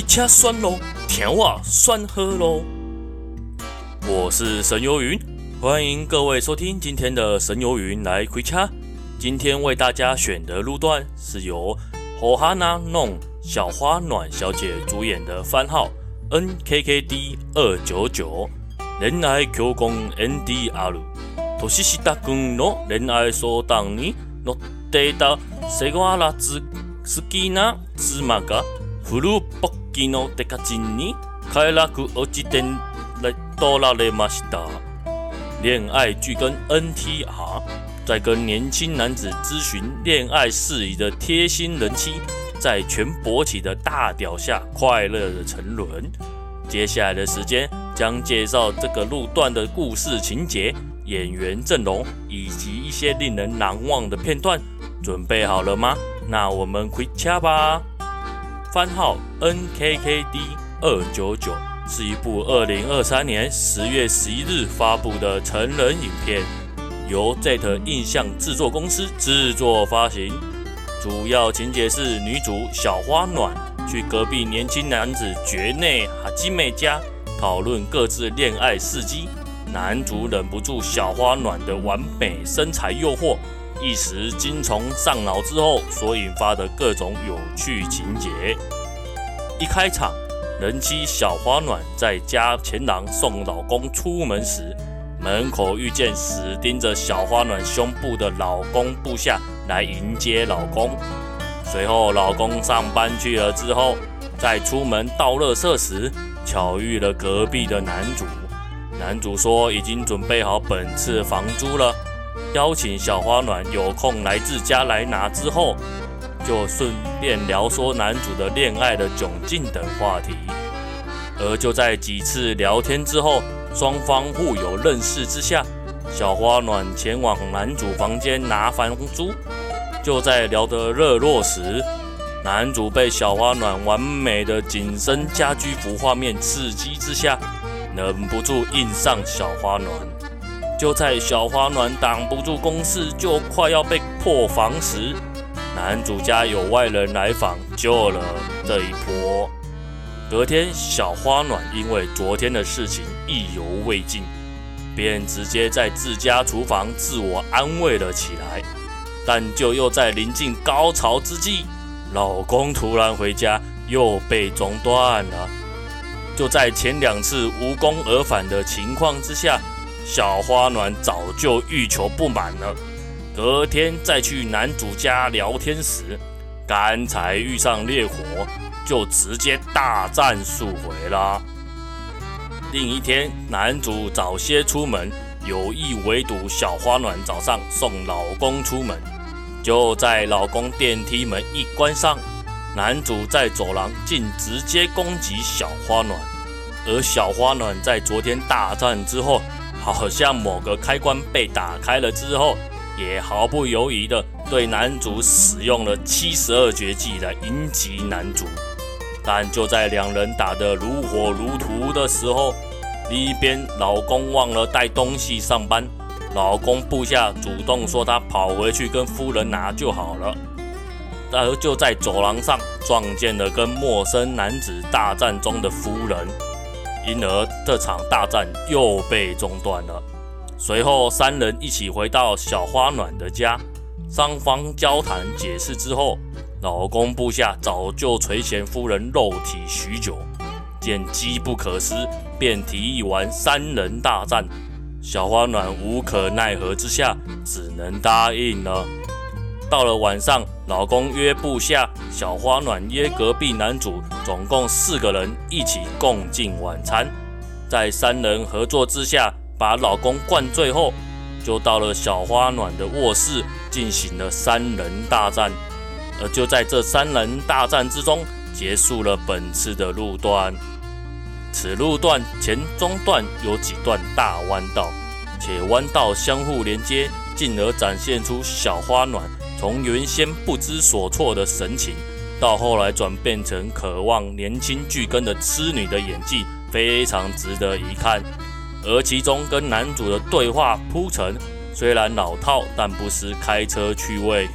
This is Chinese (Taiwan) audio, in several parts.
開車算嘍，甜話算喝嘍。我是神游雲，歡迎各位收聽今天的神游雲來開車。今天為大家選的路段是由火哈娜弄小花暖小姐主演的番號 N K K D 二九九，戀愛巨根 NTR，土西西打工諾戀愛說當你我得到西瓜辣子，斯基呢芝麻嘎葫蘆戀愛巨跟 NTR 在跟年輕男子諮詢戀愛事宜的貼心人妻，在全勃起的大屌下快樂的沉淪。接下來的時間將介紹這個路段的故事情節、演員陣容以及一些令人難忘的片段。準備好了嗎？那我們開車吧。番號 NKKD 二九九是一部二零二三年十月十一日發布的成人影片，由 JET 印象製作公司製作發行。主要情節是女主小花暖去隔壁年輕男子絕內哈基美家討論各自戀愛事跡，男主忍不住小花暖的完美身材誘惑。一時精蟲上腦之後所引發的各種有趣情節。一開場，人妻小花暖在家前廊送老公出門時，門口遇見死盯着小花暖胸部的老公部下來迎接老公。隨後老公上班去了之後，在出門倒垃圾時，巧遇了隔壁的男主。男主說已經準備好本次房租了。邀請小花暖有空來自家來拿之後，就順便聊說男主的戀愛的窘境等話題。而就在幾次聊天之後，雙方互有認識之下，小花暖前往男主房間拿房租。就在聊得熱絡時，男主被小花暖完美的緊身家居服畫面刺激之下，忍不住硬上小花暖。就在小花暖擋不住攻勢，就快要被破防時，男主家有外人來訪，救了這一波。隔天，小花暖因為昨天的事情意猶未盡，便直接在自家廚房自我安慰了起來。但就又在臨近高潮之際，老公突然回家，又被中斷了。就在前兩次無功而返的情況之下。小花暖早就欲求不滿了。隔天再去男主家聊天時，剛才遇上烈火，就直接大戰數回啦。另一天，男主早些出門，有意圍堵小花暖。早上送老公出門，就在老公電梯門一關上，男主在走廊竟直接攻擊小花暖。而小花暖在昨天大戰之後。好像某個開關被打開了之後，也毫不猶豫地對男主使用了七十二絕技來迎擊男主。但就在兩人打得如火如荼的時候，另一邊老公忘了帶東西上班，老公部下主動說他跑回去跟夫人拿就好了。然而就在走廊上撞見了跟陌生男子大戰中的夫人。因而這場大戰又被中斷了。隨後三人一起回到小花暖的家，雙方交談解釋之後，老公部下早就垂涎夫人肉體許久，見機不可失，便提議玩三人大戰。小花暖無可奈何之下，只能答應了。到了晚上，老公約部下，小花暖約隔壁男主，總共四個人一起共進晚餐。在三人合作之下，把老公灌醉後，就到了小花暖的臥室，進行了三人大戰。而就在這三人大戰之中，結束了本次的路段。此路段前中段有幾段大彎道，且彎道相互連接，進而展現出小花暖，從原先不知所措的神情，到後來轉變成渴望年輕巨根的痴女的演技，非常值得一看。而其中跟男主的對話鋪陳，雖然老套，但不失開車趣味。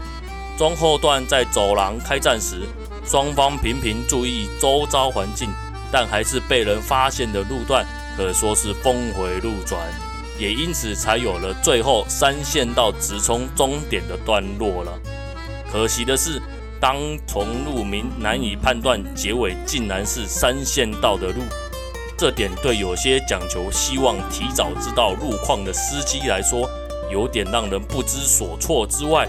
中後段在走廊開戰時，雙方頻頻注意周遭環境，但還是被人發現的路段，可說是峰回路轉。也因此才有了最後三線道直衝終點的段落了。可惜的是，當從路名難以判斷結尾竟然是三線道的路，這點對有些講求希望提早知道路況的司機來說，有點讓人不知所措之外。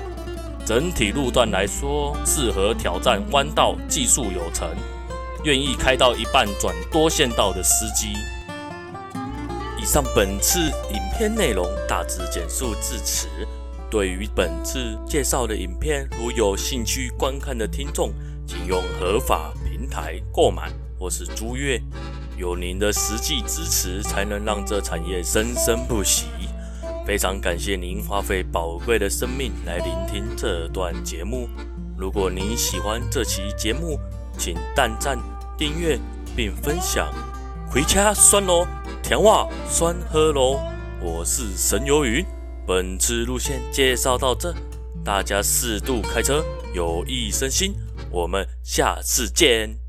整體路段來說適合挑戰彎道技術有成、願意開到一半轉多線道的司機。以上本次影片內容大致簡述至此。對於本次介紹的影片，如有興趣觀看的聽眾，請用合法平台購買或是租閱。有您的實際支持，才能讓這產業生生不息。非常感謝您花費寶貴的生命來聆聽這段節目。如果您喜歡這期節目，請點贊、訂閱並分享。回家算咯。甜話酸喝咯，我是神游魚。本次路線介紹到這，大家適度開車，有益身心。我們下次見。